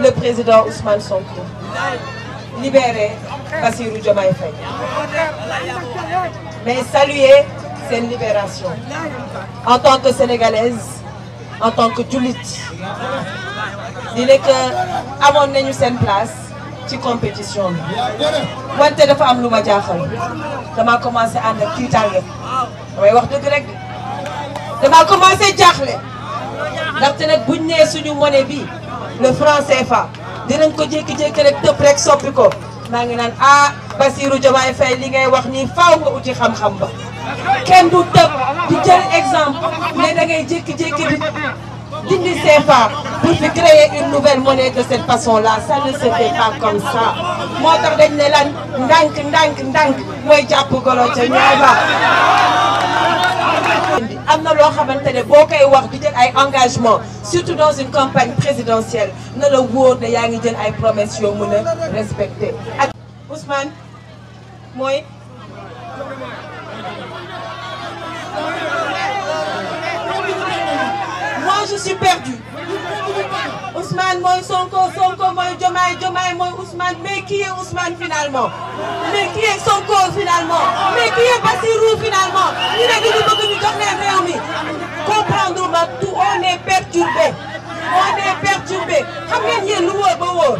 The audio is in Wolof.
le président Ousmane Sonko libérer Bassirou Diomaye Faye mais saluer seen libération en tant que sénégalaise en tant que jullit di ne que amoon nañu seen place ci compétition bi wante dafa am lu ma jaaxal dama commencé ànd ak damay wax dëgg rek dama commencé jaaxle ndaxte nag buñ nee suñu monnaie bi le franc CFA dinañ ko jékki-jékki rek tëb rek soppi ko maa ngi naan ah Bassirou Diomaye Faye li ngay wax nii faaw nga uti xam-xam ba kenn du tëb di jël exemple ne da ngay jékki-jékki di dindi CFA pour fi créer une nouvelle monnaie de cette façon là ça ne se fait pas comme ça moo tax dañ ne lan ndànk ndànk ndànk mooy jàpp golo ca ñaay ba am na loo xamante ne boo koy wax ay engagement surtout dans une campagne présidentielle na la wóor ne yaa ngi jël ay promesses yoo mën a respecté ak Ousmane mooy moi je suis perdu Ousmane mooy Sonko Sonko mooy Diomaye Diomaye mooy Ousmane mais qui est Ousmane finalement mais qui est Sonko finalement mais qui est finalement Diourbé xam ngeen yéen lu wóor ba wóor